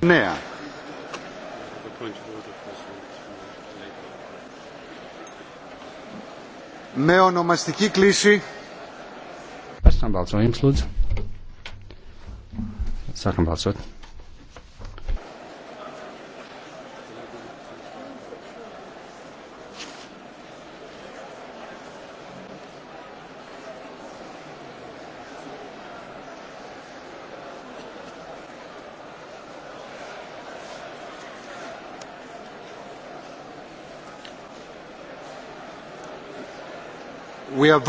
Νέα. Με ονομαστική κλίση. Pēc tam balsojums, lūdzu. Sākam balsot. Is...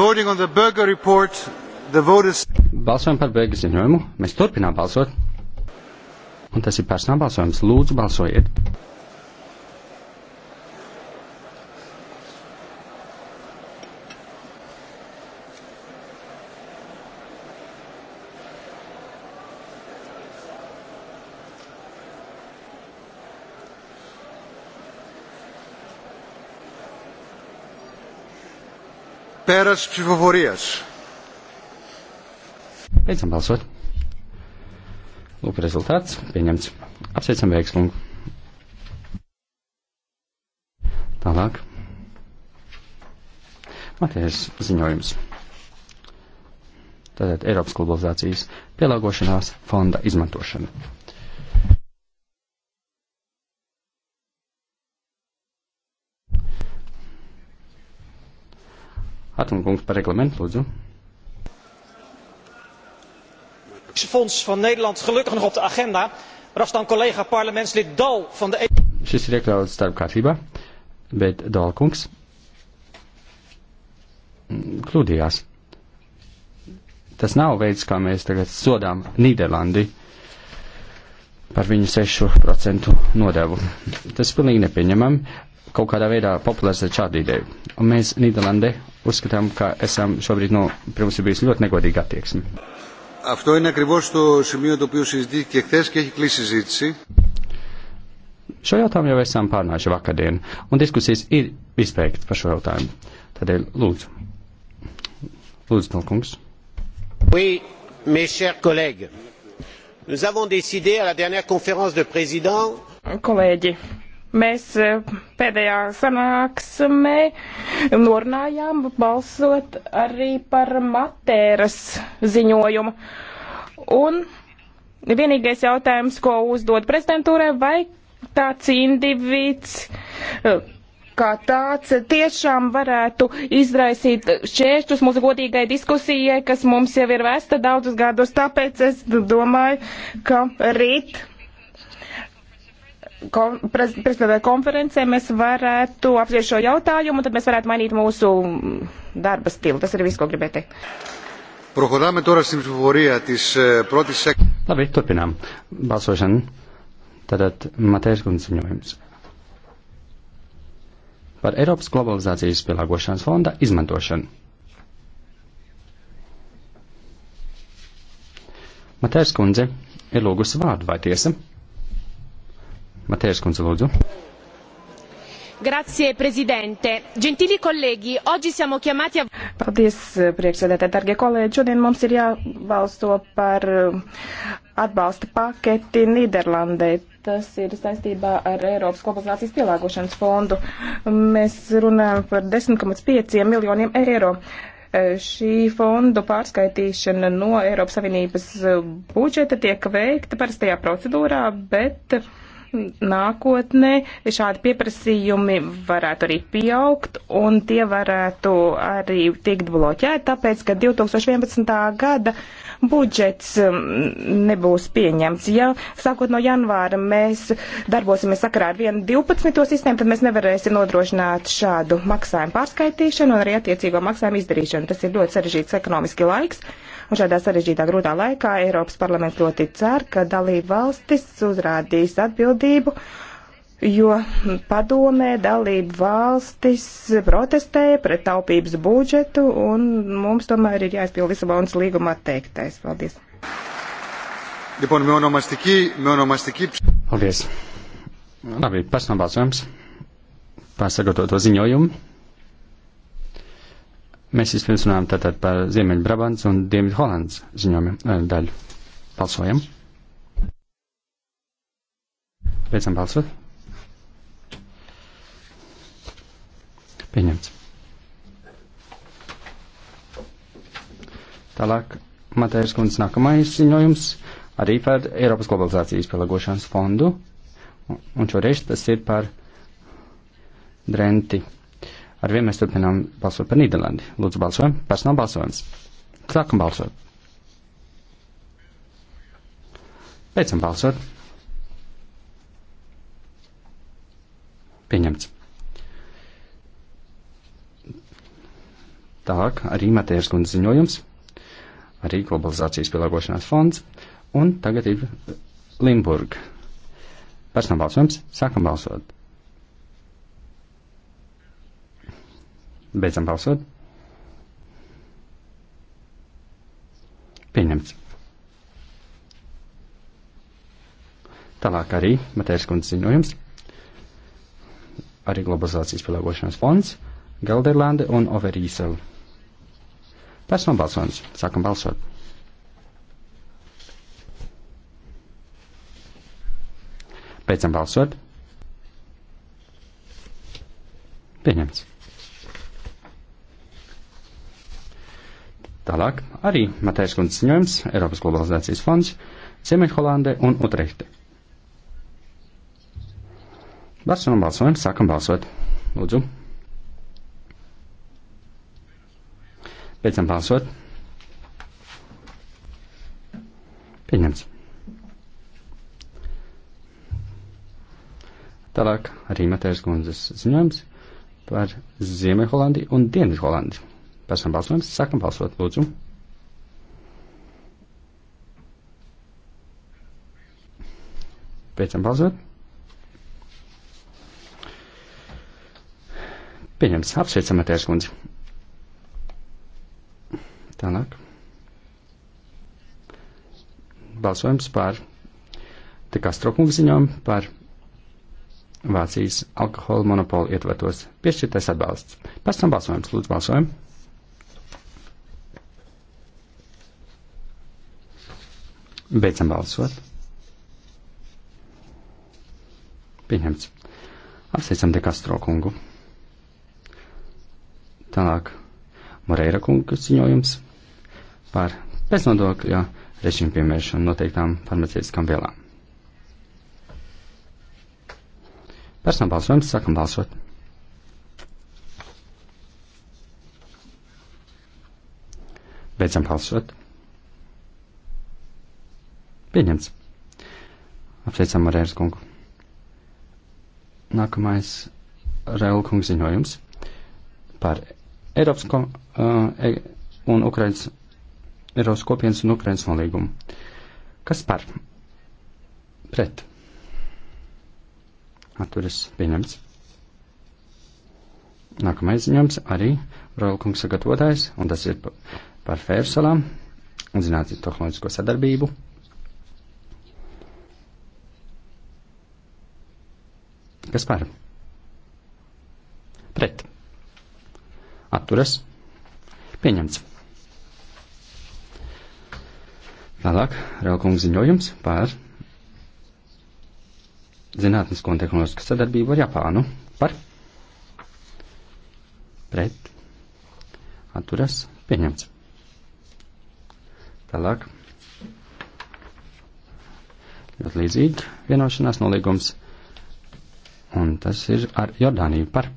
Balsojam par bēgu ziņojumu. Mēs turpinām balsot. Un tas ir personāla balsojums. Lūdzu, balsojiet! Pēras psihoforijas. Beidzam balsot. Lūk, rezultāts pieņemts. Apsveicam Veiksmungu. Tālāk. Matējas ziņojums. Tātad Eiropas globalizācijas pielāgošanās fonda izmantošana. Patrun kungs par reglamentu, lūdzu. Fonds van Nederland gelukkig nog op de agenda, maar er als dan collega parlementslid Dal van de... E- Šis ir iekļauts starp kārtībā, bet Dal kungs kļūdījās. Tas nav veids, kā mēs tagad sodām Nīderlandi par viņu 6% nodevu. Tas pilnīgi nepieņemam kaut kādā veidā popularizēt šādu ideju. Un mēs Nīderlandē uzskatām, ka esam šobrīd, nu, pirms ir bijusi ļoti negodīga attieksme. Αυτό είναι ακριβώς το σημείο το οποίο συζητήθηκε χθε και έχει κλείσει συζήτηση. Šo jautājumu jau esam pārnājuši vakardien, un diskusijas ir izbeigts par šo jautājumu. Tādēļ lūdzu. Lūdzu, Nolkungs. Oui, mes chers collègues. Nous avons décidé à la dernière conférence de présidents. Kolēģi, Mēs e, pēdējā sanāksmē norunājām balsot arī par Matēras ziņojumu. Un vienīgais jautājums, ko uzdod prezidentūrai, vai tāds individs e, kā tāds tiešām varētu izraisīt šķēršļus mūsu godīgai diskusijai, kas mums jau ir vēsta daudzus gadus. Tāpēc es domāju, ka rīt kon, prezidentē konferencē mēs varētu apspriest šo jautājumu, tad mēs varētu mainīt mūsu darba stilu. Tas ir viss, ko gribēju teikt. Προχωράμε τώρα στην ψηφοφορία της πρώτης έκθεσης. Labi, turpinām. Balsošana. Tātad Matērs Gunds ziņojums. Par Eiropas globalizācijas pielāgošanas fonda izmantošanu. Matērs Kundze ir lūgusi vārdu, vai tiesa? Matērs Kundze, lūdzu. Grazie Presidente. Gentili colleghi, oggi siamo chiamati a... Paldies, eh, priekšsēdētāji, dargie kolēģi. Šodien mums ir jābalso par eh, atbalsta paketi Nīderlandē. Tas ir saistībā ar Eiropas globalizācijas pielāgošanas fondu. Mēs runājam par 10,5 miljoniem eiro. Eh, šī fondu pārskaitīšana no Eiropas Savienības budžeta tiek veikta parastajā procedūrā, bet uh, nākotnē šādi pieprasījumi varētu arī pieaugt un tie varētu arī tikt bloķēti, tāpēc, ka 2011. gada budžets um, nebūs pieņemts. Ja sākot no janvāra mēs darbosimies sakarā ar 1.12. sistēmu, tad mēs nevarēsim nodrošināt šādu maksājumu pārskaitīšanu un arī attiecīgo maksājumu izdarīšanu. Tas ir ļoti sarežģīts ekonomiski laiks. Un šādā sarežģītā grūtā laikā Eiropas parlaments ļoti cer, ka dalība valstis uzrādīs atbildību jo padomē dalību valstis protestēja pret taupības budžetu, un mums tomēr ir jāizpild Lisabonas līguma atteiktais. Paldies. Paldies. Labi, personālbalsojums par sagatavoto ziņojumu. Mēs vispirms runājam tātad par Ziemeļu Brabants un Dienvidu Holands ziņojumu eh, daļu. Balsojam. Beidzam balsot. Pieņemts. Tālāk Matērs kundze nākamais ziņojums arī par Eiropas globalizācijas pielāgošanas fondu. Un šoreiz tas ir par Drenti. Arvien mēs turpinām balsot par Nīderlandi. Lūdzu, balsojam. Personāla balsojums. Sākam balsot. Beidzam balsot. Pieņemts. Tālāk arī Matērs kundze ziņojums, arī globalizācijas pielāgošanās fonds, un tagad ir Limburg. Personāla balsojums, sākam balsot. Beidzam balsot. Pieņemts. Tālāk arī Matērs kundze ziņojums, arī globalizācijas pielāgošanās fonds, Gelderlande un Overijsela. Personāla balsojums. Sākam balsot. Beidzam balsot. Pieņemts. Tālāk arī Matērs Kundzes ziņojums, Eiropas globalizācijas fonds, Ziemeļholande un Utrehte. Balsojam, balsojam, sākam balsot. Lūdzu. Beidzam balsot. Pieņemts. Tālāk arī Matēras kundzes ziņojums par Ziemeļholandiju un Dienvidholandiju. Pēcam balsojums, sākam balsot, lūdzu. Beidzam balsot. Pieņemts, apsveicam Matēras kundzi. Tālāk. Balsojums par tikā strokungu ziņojumu par Vācijas alkohola monopolu ietvertos piešķirtais atbalsts. Pēc tam balsojums. Lūdzu, balsojam. Beidzam balsot. Pieņemts. Apsveicam Dekastro kungu. Tālāk Moreira kungu ziņojums par beznodokļa režīmu piemēršanu noteiktām farmaceitiskām vielām. Personāla balsojums, sākam balsot. Beidzam balsot. Pieņemts. Apsveicam ar ēras kungu. Nākamais Raila kungs ziņojums par Eiropas ko, uh, e un Ukrainas Eiropas kopienas un Ukrainas nolīgumu. Kas par? Pret. Atturis pieņemts. Nākamais ziņojums arī Roilkungs sagatavotājs, un tas ir par fērsalām un zinātnes tehnoloģisko sadarbību. Kas par? Pret. Atturas. Pieņemts. Tālāk, Raukungs ziņojums par zinātnisko un tehnoloģisku sadarbību ar Japānu. Par? Pret? Atturas? Pieņemts. Tālāk. Ļoti līdzīgi vienošanās nolīgums. Un tas ir ar Jordāniju par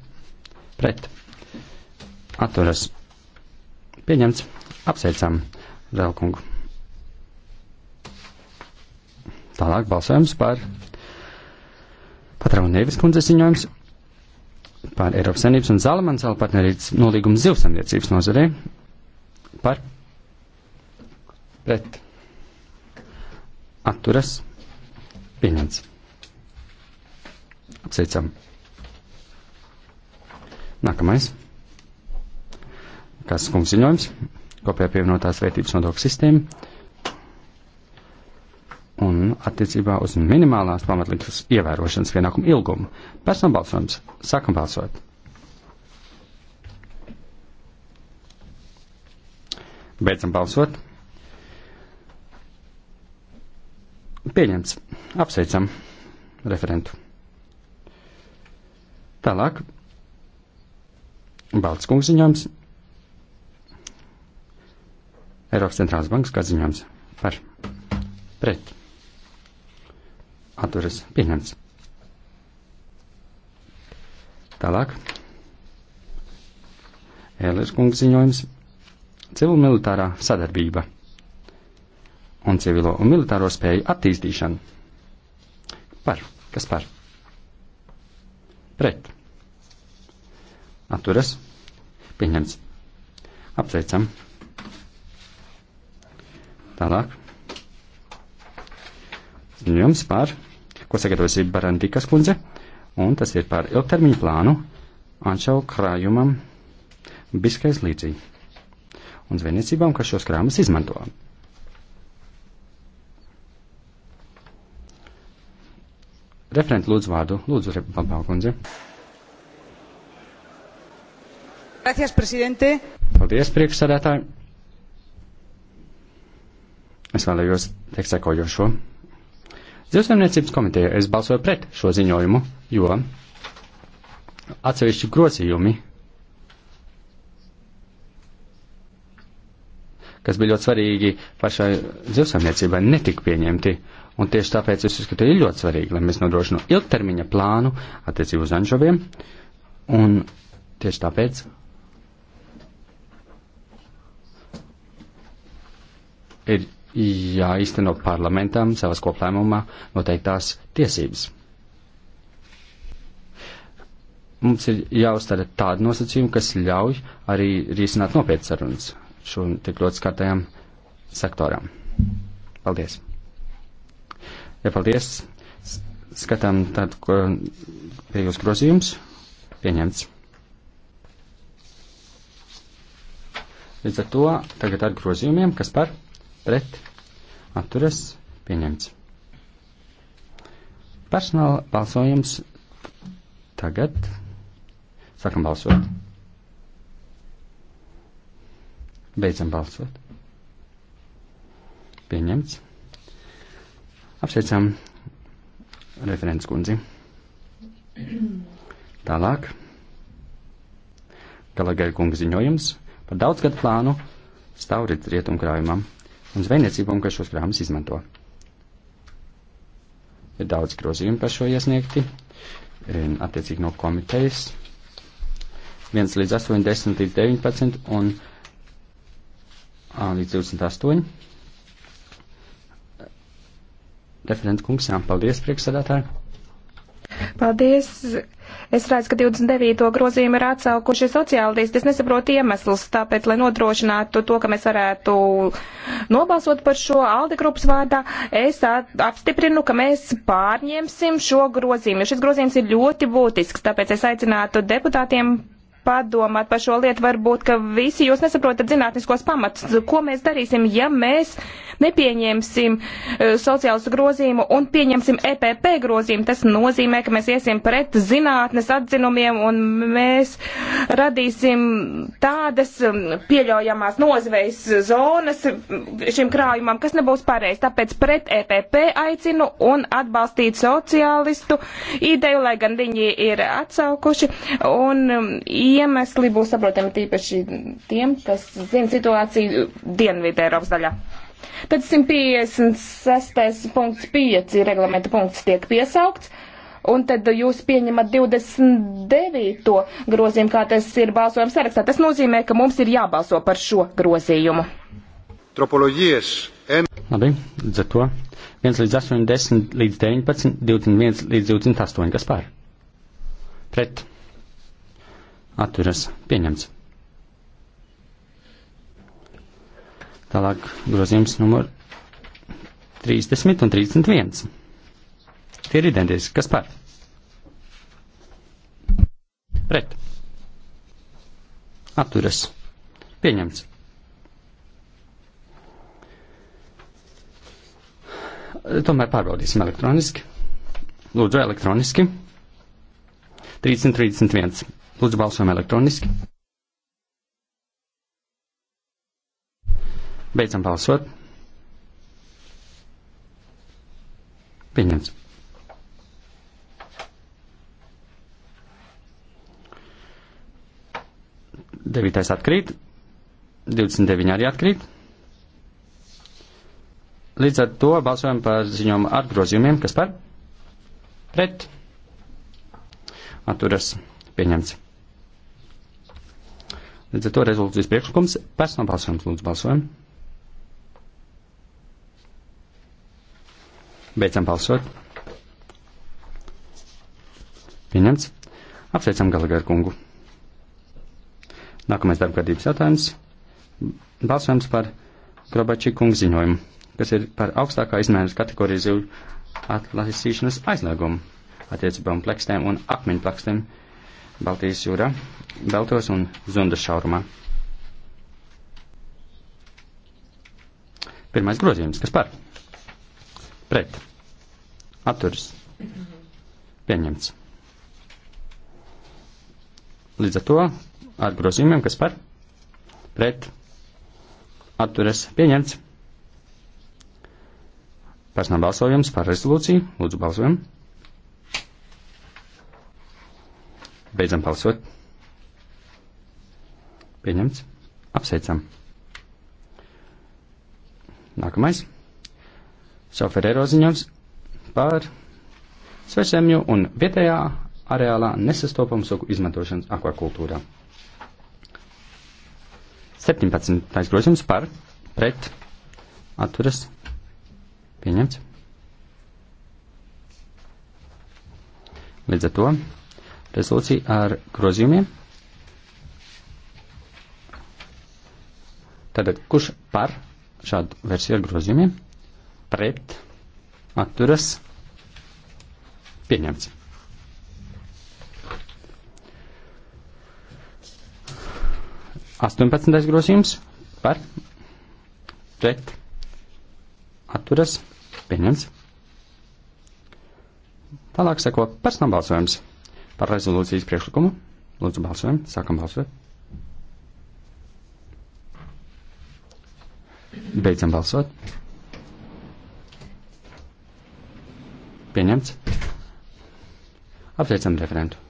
pret. Atturas. Pieņemts. Apsveicam Raukungu. Tālāk balsojums par patronu Nevis kundzes ziņojums par Eiropas Savienības un Zalamansāla partnerības nolīgumu zivsamniecības nozarē par pret atturas pieņemts. Apsveicam. Nākamais. Kas kungs ziņojums? Kopējā pievienotās vērtības nodokļu sistēma un attiecībā uz minimālās pamatlīgas ievērošanas pienākumu ilgumu. Personāla balsojums. Sākam balsot. Beidzam balsot. Pieņemts. Apsveicam referentu. Tālāk. Balts kungs ziņojums. Eiropas centrālās bankas kā ziņojums par pret atturas pieņemts. Tālāk. Ēlers kungs ziņojums. Civil-militārā sadarbība un civilo un militāro spēju attīstīšana. Par. Kas par? Pret. Atturas. Pieņemts. Apsveicam. Tālāk. Ziņojums par ko sagatavosi Barandikas kundze, un tas ir par ilgtermiņu plānu anšau krājumam biskais līdzī un zvejniecībām, kas šos krājumus izmanto. Referent lūdzu vārdu, lūdzu, Babā kundze. Gracias, presidente. Paldies, priekšsādātāji. Es vēlējos teikt sekojošo. Zivsaimniecības komiteja es balsoju pret šo ziņojumu, jo atsevišķi grozījumi, kas bija ļoti svarīgi pašai zivsaimniecībai, netika pieņemti. Un tieši tāpēc es uzskatu, ir ļoti svarīgi, lai mēs nodrošinu ilgtermiņa plānu attiecību uz anšoviem. Un tieši tāpēc ir jāizteno parlamentam savas koplēmumā noteiktās tiesības. Mums ir jāuzstāda tāda nosacījuma, kas ļauj arī risināt nopietnas sarunas šo tik ļoti skatējām sektoram. Paldies! Ja paldies! Skatām tad, ko pieejos grozījums pieņemts. Līdz ar to tagad ar grozījumiem, kas par? pret, atturas, pieņemts. Personāla balsojums tagad. Sākam balsot. Beidzam balsot. Pieņemts. Apsveicam referents kundzi. Tālāk. Galagai kunga ziņojums par daudzgadu plānu Staurīt rietumkrājumam un zvejniecībām, kas šos krājumus izmanto. Ir daudz grozījumu par šo iesniegti, attiecīgi no komitejas. 1 līdz 8, 10 līdz 19 un līdz 28. Referent kungs, jā, paldies, priekšsēdētāji. Paldies, Es redzu, ka 29. grozījumu ir atsaukuši sociālisti. Es nesaprotu iemeslus, tāpēc, lai nodrošinātu to, ka mēs varētu nobalsot par šo Alde grupas vārdā, es apstiprinu, ka mēs pārņemsim šo grozījumu. Šis grozījums ir ļoti būtisks, tāpēc es aicinātu deputātiem padomāt par šo lietu. Varbūt, ka visi jūs nesaprotat zinātniskos pamatus. Ko mēs darīsim, ja mēs nepieņemsim e, sociālus grozījumu un pieņemsim EPP grozījumu? Tas nozīmē, ka mēs iesim pret zinātnes atzinumiem un mēs radīsim tādas pieļaujamās nozvejas zonas šim krājumam, kas nebūs pareizi. Tāpēc pret EPP aicinu un atbalstīt sociālistu ideju, lai gan viņi ir atsaukuši. Un, um, iemesli būs saprotami tīpaši tiem, kas zina situāciju Dienvidu Eiropas daļā. Tad 156.5 reglamenta punkts tiek piesaukts, un tad jūs pieņemat 29. grozījumu, kā tas ir balsojums sarakstā. Tas nozīmē, ka mums ir jābalso par šo grozījumu. Tropoloģijas. En... Labi, līdz ar to 1 līdz 8, 10 līdz 19, 21 līdz 28, kas pār? Pret atturas pieņemts. Tālāk grozījums numur 30 un 31. Tie ir identiski. Kas par? Pret. Atturas. Pieņemts. Tomēr pārbaudīsim elektroniski. Lūdzu, elektroniski. 331. Lūdzu, balsojam elektroniski. Beidzam balsot. Pieņemts. Devītais atkrīt, 29 arī atkrīt. Līdz ar to balsojam par ziņojumu ar grozījumiem, kas par pret atturas pieņemts. Līdz ar to rezolūcijas priekšlikums personāla balsojums lūdzu balsojam. Beidzam balsot. Pieņemts. Apsveicam Galagāru kungu. Nākamais darbkārtības jautājums. Balsojums par Grobačī kungu ziņojumu, kas ir par augstākā izmēras kategoriju zivju atlasīšanas aizliegumu attiecībā un plakstēm un akmeņu plakstēm. Baltijas jūrā, Baltos un Zundas šaurumā. Pirmais grozījums, kas par? Pret. Atturis. Pieņemts. Līdz ar to ar grozījumiem, kas par? Pret. Atturis. Pieņemts. Personāla balsojums par rezolūciju. Lūdzu, balsojam. Beidzam balsot. Pieņemts. Apsveicam. Nākamais. Šoferēro ziņojums par svešzemju un vietējā areālā nesastopamu sugu izmantošanas akvakultūrā. 17. grozījums par pret atturas pieņemts. Līdz ar to rezolūciju ar grozījumiem. Tātad, kurš par šādu versiju ar grozījumiem, pret, atturas, pieņemts. Astoņpadsmitais grozījums par, pret, atturas, pieņemts. Tālāk seko personāla balsojums par rezolūcijas priekšlikumu. Lūdzu, balsojam, sākam balsot. Beidzam balsot. Pieņemts. Apsveicam referentu.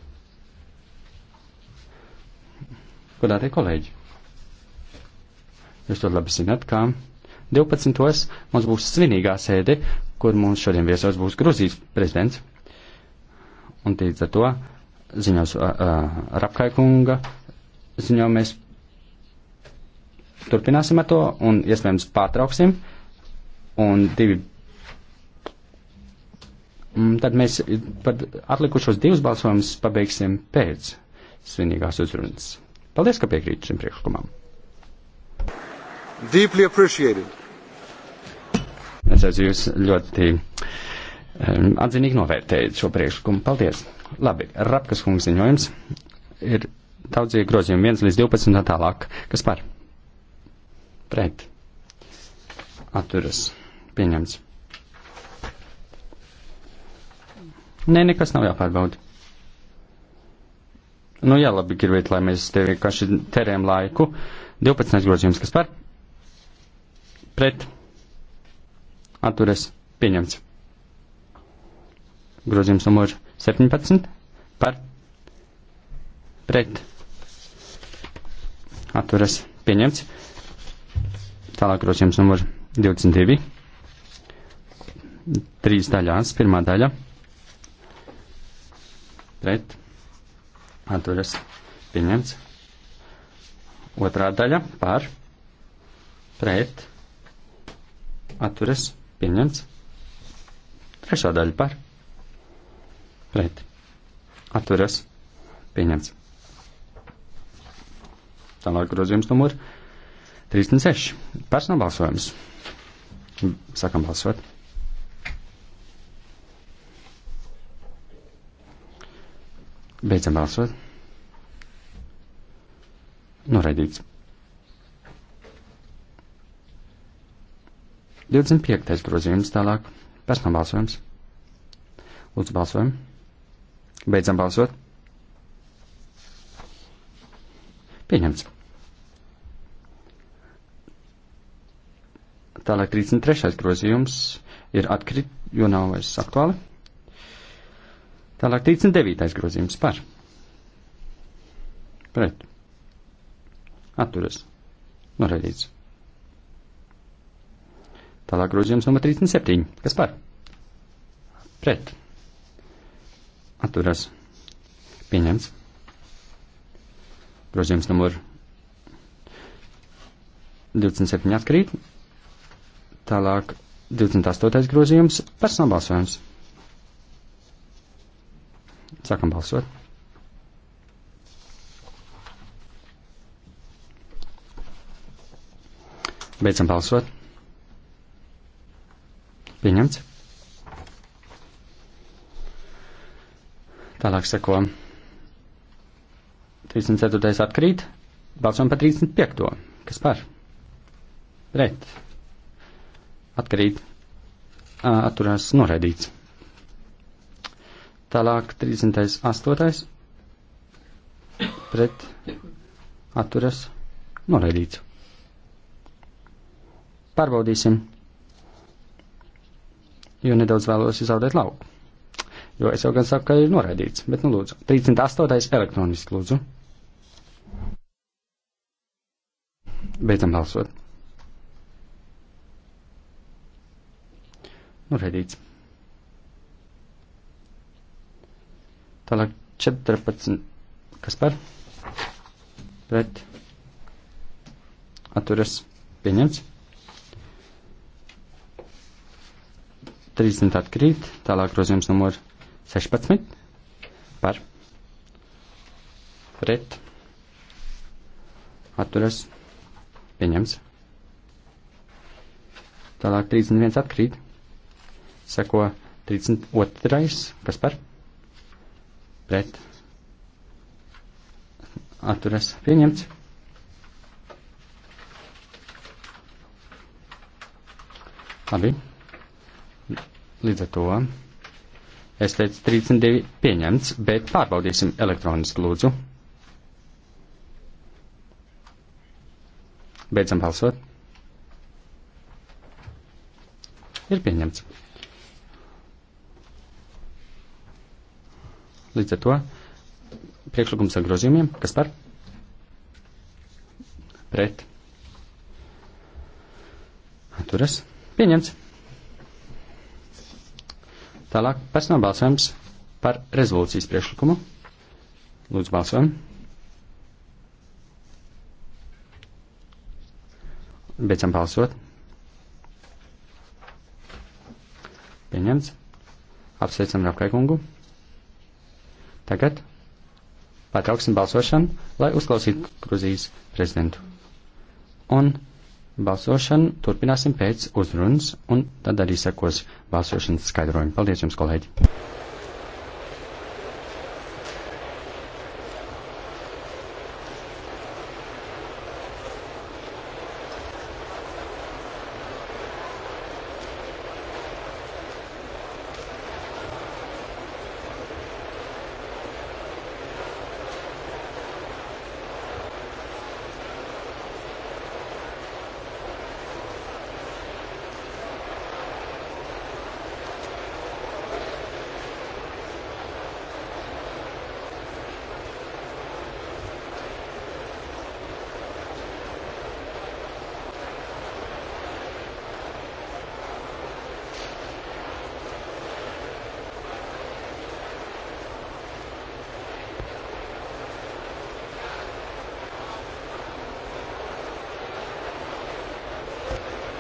Godātie kolēģi, jūs to labi zināt, kā 12. mums būs svinīgā sēde, kur mums šodien viesos būs Gruzijas prezidents. Un līdz ar to ziņos uh, Rapkaikunga ziņā mēs turpināsim ar to un iespējams pārtrauksim. Un divi. Un mm, tad mēs pat atlikušos divus balsojumus pabeigsim pēc svinīgās uzrunas. Paldies, ka piekrīt šim priekšlikumam. Deeply appreciated. Es esmu jūs ļoti um, atzinīgi novērtējis šo priekšlikumu. Paldies! Labi, Rapkas kungs ziņojums ir daudzie grozījumi 1 līdz 12 un tā tālāk. Kas par? Pret. Atturas. Pieņemts. Nē, nekas nav jāpārbauda. Nu jā, labi, gribēt, lai mēs te vienkārši terējam laiku. 12. grozījums, kas par? Pret. Atturas. Pieņemts. Grozījums numurs 17 par pret atturas pieņemts. Tālāk grozījums numur 22. Trīs daļās. Pirmā daļa pret atturas pieņemts. Otrā daļa par pret atturas pieņemts. Trešā daļa par pret atturas pieņemts. Tālāk grozījums numur 36. Personāla balsojums. Sākam balsot. Beidzam balsot. Noraidīts. 25. grozījums tālāk. Personāla balsojums. Lūdzu, balsojam. Beidzam balsot. Pieņemts. Tālāk 33. grozījums ir atkrit, jo nav vairs aktuāli. Tālāk 39. grozījums par. Pret. Atturas. Noraidīts. Tālāk grozījums numur 37. Kas par? Pret atturas pieņemts. Grozījums numur 27 atkrīt. Tālāk 28. grozījums - personāla balsojums. Sākam balsot. Beidzam balsot. Pieņemts. Tālāk seko. 34. atkrīt. Balsojam par 35. Kas par? Pret. Atkrīt. Atturās noraidīts. Tālāk 38. Pret. Atturās noraidīts. Pārbaudīsim, jo nedaudz vēlos izaudēt lauku jo es jau gan saku, ka ir noraidīts, bet nu lūdzu, 38. elektroniski lūdzu. Beidzam balsot. Nu, redīts. Tālāk 14. Kas par? Pret. Atturas. Pieņemts. 30 atkrīt. Tālāk grozījums numur 1. 16 par pret atturas pieņems. Tālāk 31 atkrīt. Seko 32, kas par pret atturas pieņemts. Labi. Līdz ar to Es teicu 32 pieņemts, bet pārbaudīsim elektroniski lūdzu. Beidzam balsot. Ir pieņemts. Līdz ar to priekšlikums ar grozījumiem, kas par? Pret. Turas. Pieņemts. Tālāk personāla balsojums par rezolūcijas priekšlikumu. Lūdzu, balsojam. Beidzam balsot. Pieņemts. Apsveicam Rapkaikungu. Tagad pārtrauksim balsošanu, lai uzklausītu Gruzijas prezidentu. Un Balsošanu turpināsim pēc uzrunas, un tad arī sekos balsošanas skaidrojumi. Paldies jums, kolēģi!